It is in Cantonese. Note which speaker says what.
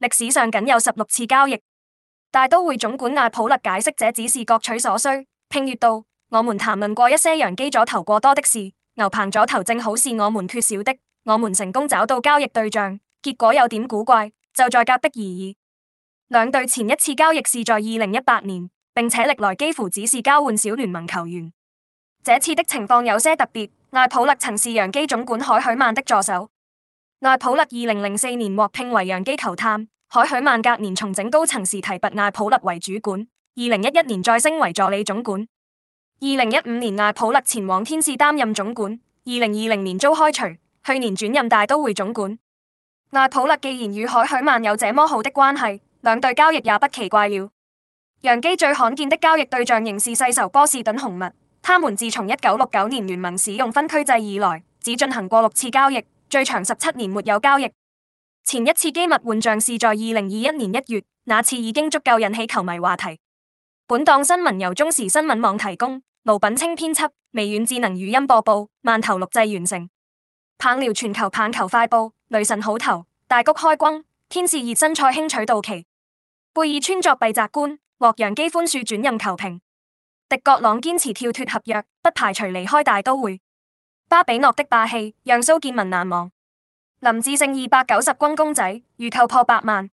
Speaker 1: 歷史上僅有十六次交易，大都會總管艾普勒解釋這只是各取所需。拼月道，我們談論過一些洋基左投過多的事，牛棚左投正好是我們缺少的。我們成功找到交易對象，結果有點古怪，就在隔壁而已。兩隊前一次交易是在二零一八年，並且歷來幾乎只是交換小聯盟球員。這次的情況有些特別，艾普勒曾是洋基總管海許曼的助手。艾普勒二零零四年獲聘為洋基球探。海許曼隔年重整高層時提拔艾普勒為主管，二零一一年再升為助理總管，二零一五年艾普勒前往天使擔任總管，二零二零年遭開除，去年轉任大都會總管。艾普勒既然與海許曼有這麼好的關係，兩隊交易也不奇怪了。洋基最罕見的交易對象仍是世仇波士頓紅襪。他們自從一九六九年聯盟使用分區制以來，只進行過六次交易，最長十七年沒有交易。前一次機密換將是在二零二一年一月，那次已經足夠引起球迷話題。本檔新聞由中時新聞網提供，盧品清編輯，微軟智能語音播報，萬頭錄製完成。棒聊全球棒球快報：雷神好投，大谷開轟，天使熱身賽輕取道奇。貝爾川作弊摘冠，獲洋基寬恕轉任球評，迪葛朗堅持跳脫合約，不排除離開大都會。巴比諾的霸氣讓蘇建文難忘。林志勝二百九十軍公仔，預購破百萬。